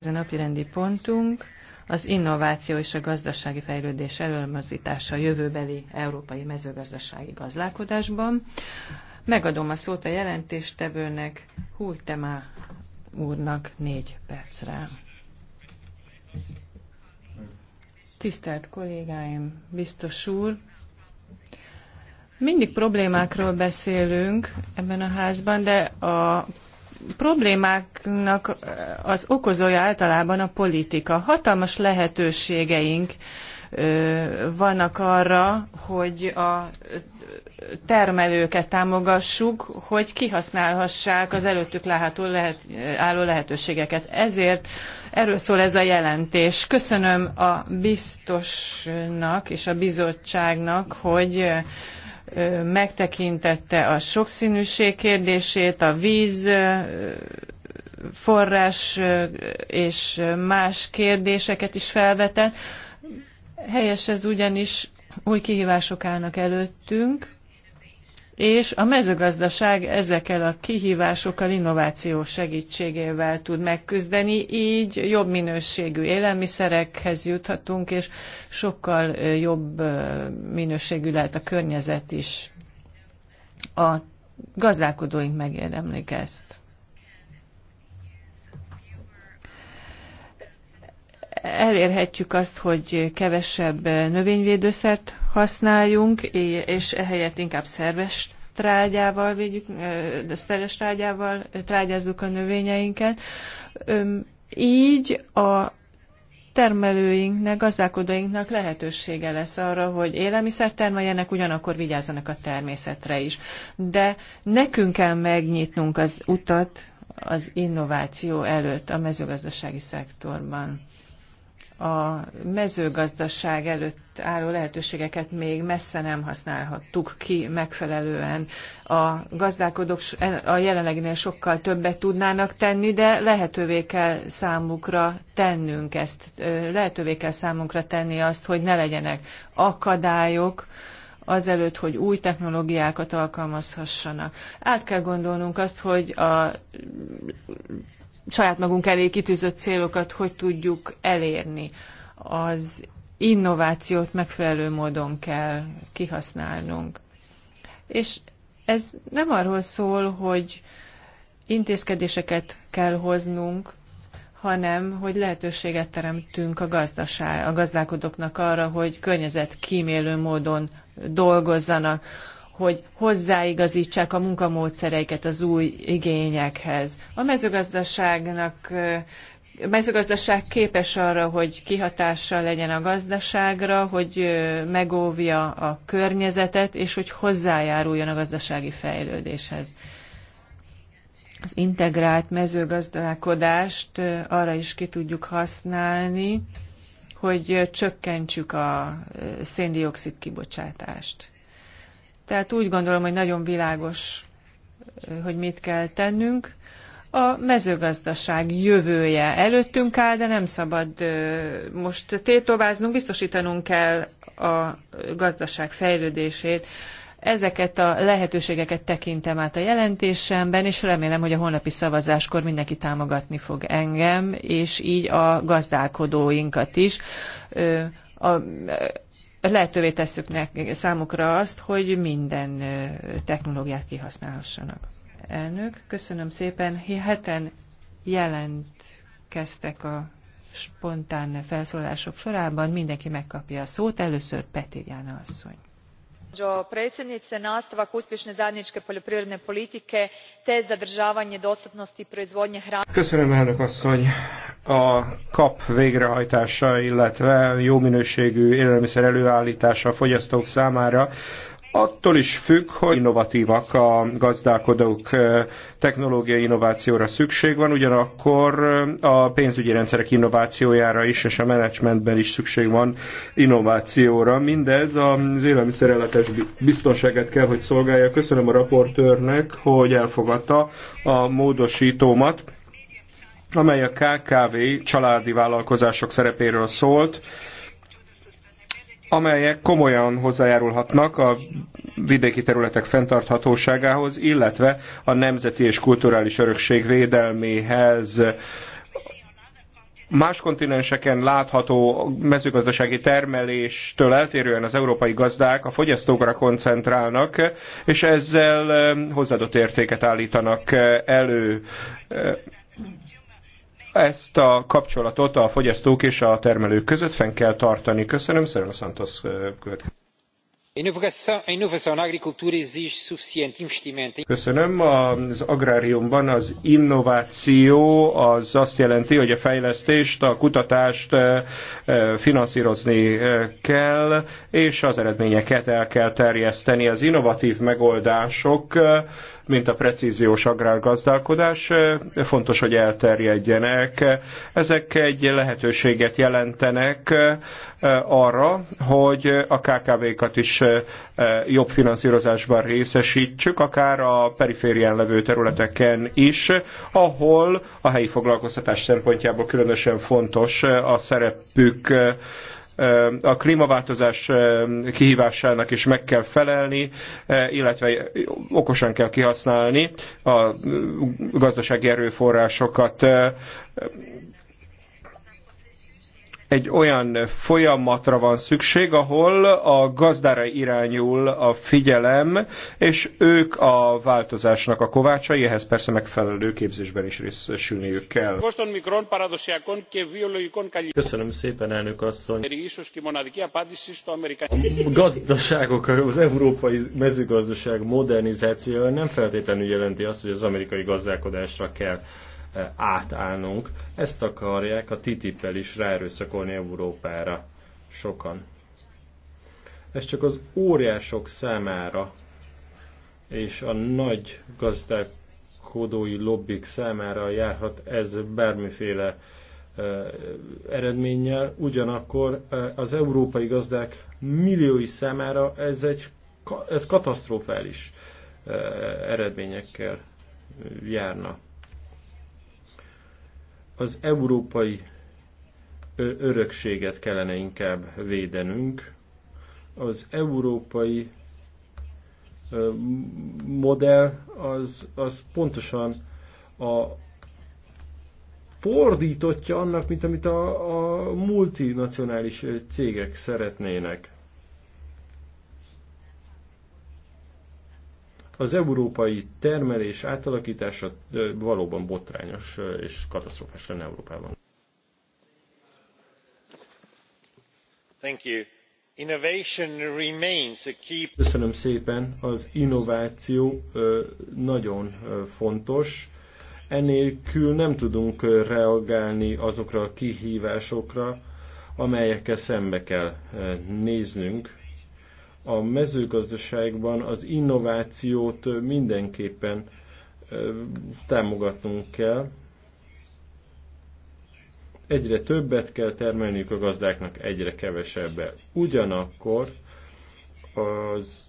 Ez a napi rendi pontunk az innováció és a gazdasági fejlődés előmozdítása a jövőbeli európai mezőgazdasági gazdálkodásban. Megadom a szót a jelentéstevőnek, Hújtemá úrnak négy percre. Tisztelt kollégáim, biztos úr, mindig problémákról beszélünk ebben a házban, de a problémáknak eh, az okozója általában a politika. Hatalmas lehetőségeink eh, vannak arra, hogy a eh, termelőket támogassuk, hogy kihasználhassák az előttük látható lehet, álló lehetőségeket. Ezért erről szól ez a jelentés. Köszönöm a biztosnak és a bizottságnak, hogy megtekintette a sokszínűség kérdését, a víz forrás és más kérdéseket is felvetett. Helyes ez ugyanis új kihívások állnak előttünk, és a mezőgazdaság ezekkel a kihívásokkal innováció segítségével tud megküzdeni, így jobb minőségű élelmiszerekhez juthatunk, és sokkal jobb minőségű lehet a környezet is. A gazdálkodóink megérdemlik ezt. Elérhetjük azt, hogy kevesebb növényvédőszert használjunk, és ehelyett inkább szerves trágyával, védjük, szerves trágyával trágyázzuk a növényeinket. Így a termelőinknek, gazdálkodóinknak lehetősége lesz arra, hogy élelmiszert termeljenek, ugyanakkor vigyázzanak a természetre is. De nekünk kell megnyitnunk az utat az innováció előtt a mezőgazdasági szektorban a mezőgazdaság előtt álló lehetőségeket még messze nem használhattuk ki megfelelően. A gazdálkodók a jelenleginél sokkal többet tudnának tenni, de lehetővé kell számukra tennünk ezt, lehetővé kell számunkra tenni azt, hogy ne legyenek akadályok, azelőtt, hogy új technológiákat alkalmazhassanak. Át kell gondolnunk azt, hogy a saját magunk elé kitűzött célokat hogy tudjuk elérni. Az innovációt megfelelő módon kell kihasználnunk. És ez nem arról szól, hogy intézkedéseket kell hoznunk, hanem hogy lehetőséget teremtünk a, gazdaság, a gazdálkodóknak arra, hogy környezetkímélő módon dolgozzanak, hogy hozzáigazítsák a munkamódszereiket az új igényekhez. A mezőgazdaságnak a mezőgazdaság képes arra, hogy kihatással legyen a gazdaságra, hogy megóvja a környezetet, és hogy hozzájáruljon a gazdasági fejlődéshez. Az integrált mezőgazdálkodást arra is ki tudjuk használni, hogy csökkentsük a széndiokszid kibocsátást. Tehát úgy gondolom, hogy nagyon világos, hogy mit kell tennünk. A mezőgazdaság jövője előttünk áll, de nem szabad most tétováznunk, biztosítanunk kell a gazdaság fejlődését. Ezeket a lehetőségeket tekintem át a jelentésemben, és remélem, hogy a holnapi szavazáskor mindenki támogatni fog engem, és így a gazdálkodóinkat is. A lehetővé tesszük nekik, számukra azt, hogy minden technológiát kihasználhassanak. Elnök, köszönöm szépen. Heten jelentkeztek a spontán felszólások sorában. Mindenki megkapja a szót. Először Peti Jána asszony gospođo predsjednice nastavak uspješne zajedničke poljoprivredne politike te zadržavanje dostatnosti proizvodnje hrane. köszönöm elnök asszony a kap végrehajtása, illetve jó minőségű élelmiszer előállítása a fogyasztók számára attól is függ, hogy innovatívak a gazdálkodók, technológiai innovációra szükség van, ugyanakkor a pénzügyi rendszerek innovációjára is, és a menedzsmentben is szükség van innovációra. Mindez az élelmiszerelletes biztonságát kell, hogy szolgálja. Köszönöm a raportőrnek, hogy elfogadta a módosítómat amely a KKV családi vállalkozások szerepéről szólt, amelyek komolyan hozzájárulhatnak a vidéki területek fenntarthatóságához, illetve a nemzeti és kulturális örökség védelméhez. Más kontinenseken látható mezőgazdasági termeléstől eltérően az európai gazdák a fogyasztókra koncentrálnak, és ezzel hozzáadott értéket állítanak elő ezt a kapcsolatot a fogyasztók és a termelők között fenn kell tartani. Köszönöm, Szerelő Santos következő. Köszönöm. Az agráriumban az innováció az azt jelenti, hogy a fejlesztést, a kutatást finanszírozni kell, és az eredményeket el kell terjeszteni. Az innovatív megoldások mint a precíziós agrárgazdálkodás, fontos, hogy elterjedjenek. Ezek egy lehetőséget jelentenek arra, hogy a KKV-kat is jobb finanszírozásban részesítsük, akár a periférián levő területeken is, ahol a helyi foglalkoztatás szempontjából különösen fontos a szerepük a klímaváltozás kihívásának is meg kell felelni, illetve okosan kell kihasználni a gazdasági erőforrásokat egy olyan folyamatra van szükség, ahol a gazdára irányul a figyelem, és ők a változásnak a kovácsai, ehhez persze megfelelő képzésben is részesülniük kell. Köszönöm szépen, elnök asszony. A gazdaságok, az európai mezőgazdaság modernizációja nem feltétlenül jelenti azt, hogy az amerikai gazdálkodásra kell átállnunk. Ezt akarják a TTIP-el is ráerőszakolni Európára sokan. Ez csak az óriások számára és a nagy gazdálkodói lobbik számára járhat ez bármiféle eredménnyel, ugyanakkor az európai gazdák milliói számára ez egy ez katasztrofális eredményekkel járna. Az európai örökséget kellene inkább védenünk. Az európai modell az, az pontosan a fordítottja annak, mint amit a, a multinacionális cégek szeretnének. az európai termelés átalakítása valóban botrányos és katasztrofás lenne Európában. Thank you. Innovation remains a key... Köszönöm szépen, az innováció nagyon fontos. Enélkül nem tudunk reagálni azokra a kihívásokra, amelyekkel szembe kell néznünk a mezőgazdaságban az innovációt mindenképpen támogatnunk kell. Egyre többet kell termelniük a gazdáknak, egyre kevesebbet. Ugyanakkor az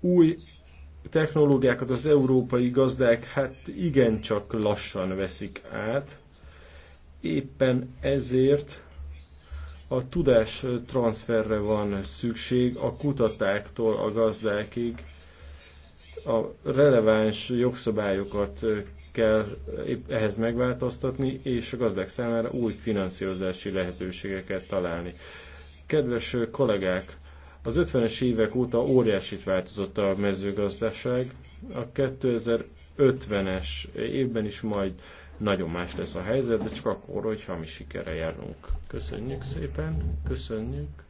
új technológiákat az európai gazdák hát igencsak lassan veszik át. Éppen ezért a tudás transferre van szükség a kutatáktól a gazdákig. A releváns jogszabályokat kell ehhez megváltoztatni, és a gazdák számára új finanszírozási lehetőségeket találni. Kedves kollégák, az 50-es évek óta óriásit változott a mezőgazdaság. A 2050-es évben is majd nagyon más lesz a helyzet, de csak akkor, hogyha mi sikere járunk. Köszönjük szépen, köszönjük.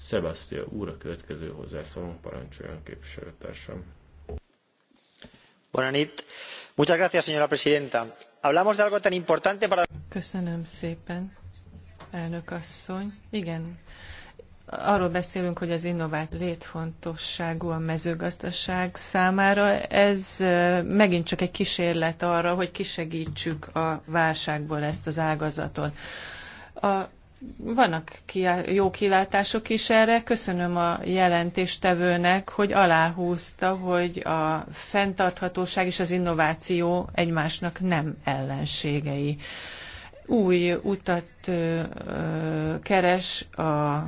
Sebastian úr a következő hozzászólónk, parancsoljon képviselőtársam. Buenanit. Muchas gracias, señora presidenta. Hablamos de algo tan importante para... Köszönöm szépen, elnök asszony. Igen, arról beszélünk, hogy az innovált létfontosságú a mezőgazdaság számára. Ez megint csak egy kísérlet arra, hogy kisegítsük a válságból ezt az ágazatot. A vannak jó kilátások is erre. Köszönöm a jelentéstevőnek, hogy aláhúzta, hogy a fenntarthatóság és az innováció egymásnak nem ellenségei új utat keres a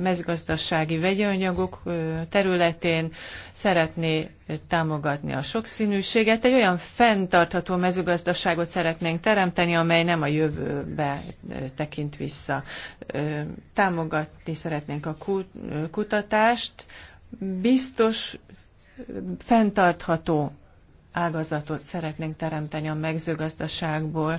mezőgazdasági vegyanyagok területén, szeretné támogatni a sokszínűséget. Egy olyan fenntartható mezőgazdaságot szeretnénk teremteni, amely nem a jövőbe tekint vissza. Támogatni szeretnénk a kutatást, biztos, fenntartható ágazatot szeretnénk teremteni a mezőgazdaságból,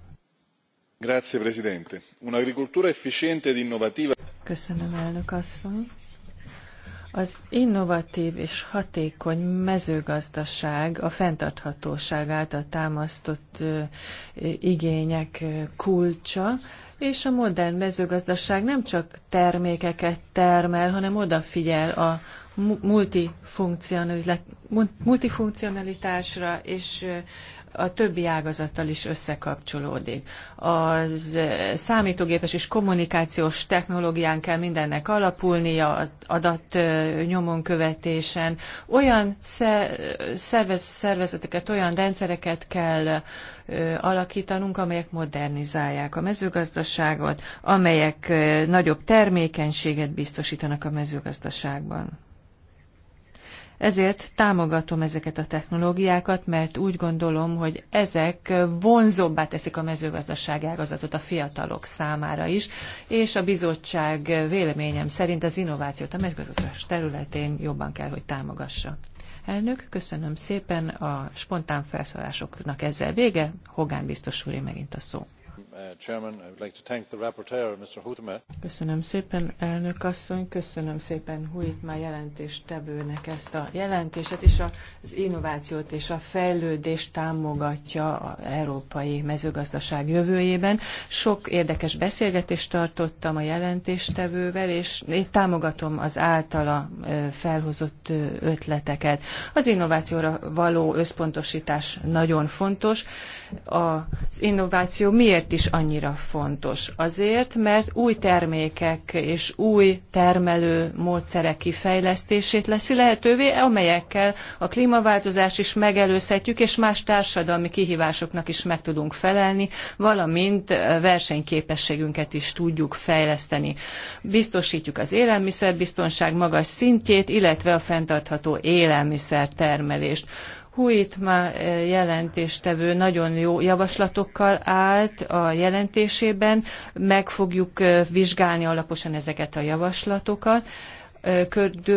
Grazie, Presidente. Un'agricoltura efficiente ed innovativa. Köszönöm, elnök asszony. Az innovatív és hatékony mezőgazdaság a fenntarthatóság által támasztott igények kulcsa, és a modern mezőgazdaság nem csak termékeket termel, hanem odafigyel a multifunkcionalitásra és a többi ágazattal is összekapcsolódik. Az eh, számítógépes és kommunikációs technológián kell mindennek alapulnia, az adat eh, nyomon követésen. Olyan szervez, szervezeteket, olyan rendszereket kell eh, alakítanunk, amelyek modernizálják a mezőgazdaságot, amelyek nagyobb termékenységet biztosítanak a mezőgazdaságban. Ezért támogatom ezeket a technológiákat, mert úgy gondolom, hogy ezek vonzóbbá teszik a mezőgazdasági ágazatot a fiatalok számára is, és a bizottság véleményem szerint az innovációt a mezőgazdaság területén jobban kell, hogy támogassa. Elnök, köszönöm szépen a spontán felszólásoknak ezzel vége. Hogán biztos úr, megint a szó. Uh, köszönöm szépen, elnök asszony, köszönöm szépen Huitma jelentéstevőnek ezt a jelentést, és az innovációt és a fejlődést támogatja a európai mezőgazdaság jövőjében. Sok érdekes beszélgetést tartottam a jelentéstevővel, és én támogatom az általa felhozott ötleteket. Az innovációra való összpontosítás nagyon fontos. Az innováció miért is is annyira fontos. Azért, mert új termékek és új termelő módszerek kifejlesztését leszi lehetővé, amelyekkel a klímaváltozás is megelőzhetjük, és más társadalmi kihívásoknak is meg tudunk felelni, valamint versenyképességünket is tudjuk fejleszteni. Biztosítjuk az élelmiszerbiztonság magas szintjét, illetve a fenntartható élelmiszertermelést. Huitma eh, jelentéstevő nagyon jó javaslatokkal állt a jelentésében, meg fogjuk eh, vizsgálni alaposan ezeket a javaslatokat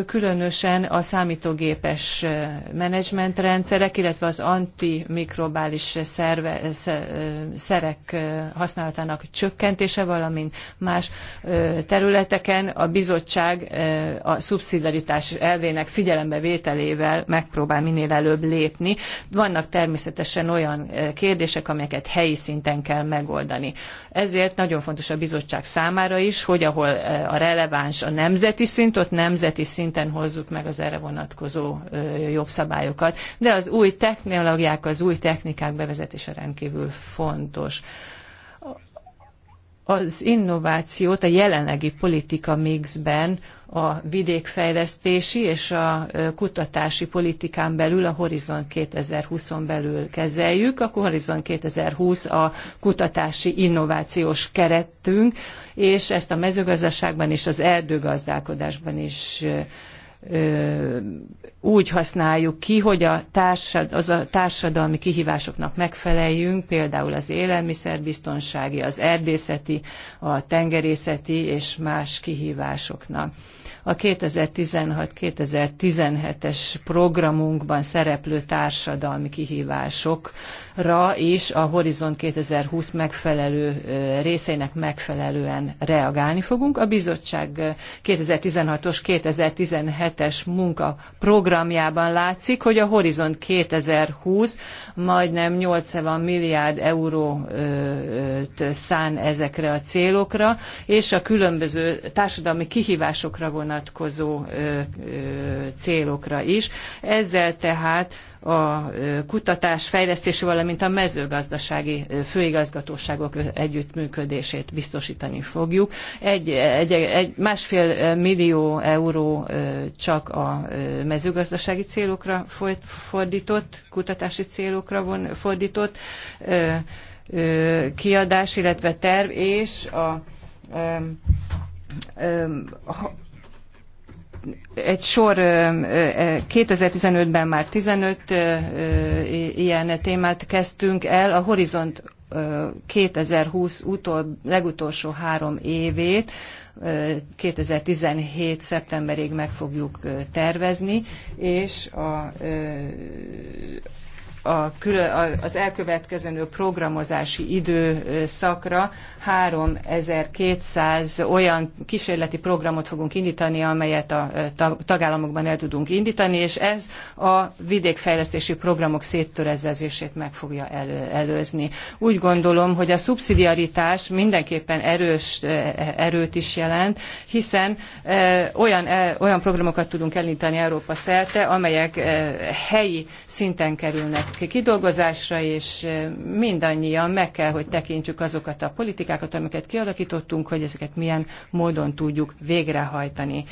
különösen a számítógépes menedzsmentrendszerek, illetve az antimikrobális szerve, szerek használatának csökkentése, valamint más területeken a bizottság a szubszidaritás elvének vételével megpróbál minél előbb lépni. Vannak természetesen olyan kérdések, amelyeket helyi szinten kell megoldani. Ezért nagyon fontos a bizottság számára is, hogy ahol a releváns a nemzeti szint, ott nemzeti szinten hozzuk meg az erre vonatkozó jogszabályokat. De az új technológiák, az új technikák bevezetése rendkívül fontos az innovációt a jelenlegi politika mixben a vidékfejlesztési és a kutatási politikán belül a horizont 2020-on belül kezeljük. A Horizon 2020 a kutatási innovációs keretünk, és ezt a mezőgazdaságban és az erdőgazdálkodásban is úgy használjuk ki, hogy a, társad, az a társadalmi kihívásoknak megfeleljünk, például az élelmiszerbiztonsági, az erdészeti, a tengerészeti és más kihívásoknak a 2016-2017-es programunkban szereplő társadalmi kihívásokra is a Horizon 2020 megfelelő részeinek megfelelően reagálni fogunk. A bizottság 2016-os 2017-es munkaprogramjában látszik, hogy a Horizon 2020 majdnem 80 milliárd eurót szán ezekre a célokra, és a különböző társadalmi kihívásokra vonatkozó vonatkozó célokra is. Ezzel tehát a kutatás, fejlesztési, valamint a mezőgazdasági főigazgatóságok együttműködését biztosítani fogjuk. Egy, egy, egy másfél millió euró csak a mezőgazdasági célokra fordított, kutatási célokra von, fordított kiadás, illetve terv, és a egy sor 2015-ben már 15 ilyen témát kezdtünk el, a Horizont 2020 utol, legutolsó három évét 2017. szeptemberig meg fogjuk tervezni, és a, a, az elkövetkezendő programozási időszakra 3200 olyan kísérleti programot fogunk indítani, amelyet a e, tagállamokban el tudunk indítani, és ez a vidékfejlesztési programok széttörezezését meg fogja elő, előzni. Úgy gondolom, hogy a szubszidiaritás mindenképpen erős e, erőt is jelent, hiszen e, olyan, olyan programokat tudunk elindítani Európa szerte, amelyek helyi szinten kerülnek kidolgozásra, és mindannyian meg kell, hogy tekintsük azokat a politikákat, amiket kialakítottunk, hogy ezeket milyen módon tudjuk végrehajtani.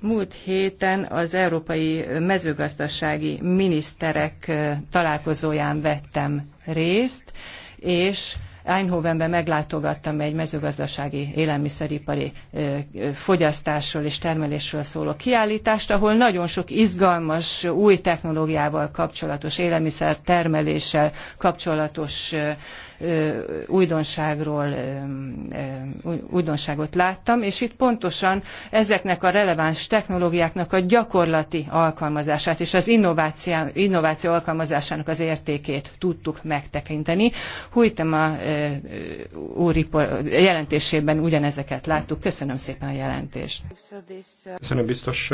Múlt héten az Európai Mezőgazdasági Miniszterek találkozóján vettem részt, és Eindhovenben meglátogattam egy mezőgazdasági élelmiszeripari fogyasztásról és termelésről szóló kiállítást, ahol nagyon sok izgalmas új technológiával kapcsolatos élelmiszer termeléssel kapcsolatos újdonságról, újdonságot láttam, és itt pontosan ezeknek a releváns technológiáknak a gyakorlati alkalmazását és az innováció, alkalmazásának az értékét tudtuk megtekinteni. Hújtam a úr jelentésében ugyanezeket láttuk. Köszönöm szépen a jelentést. Köszönöm biztos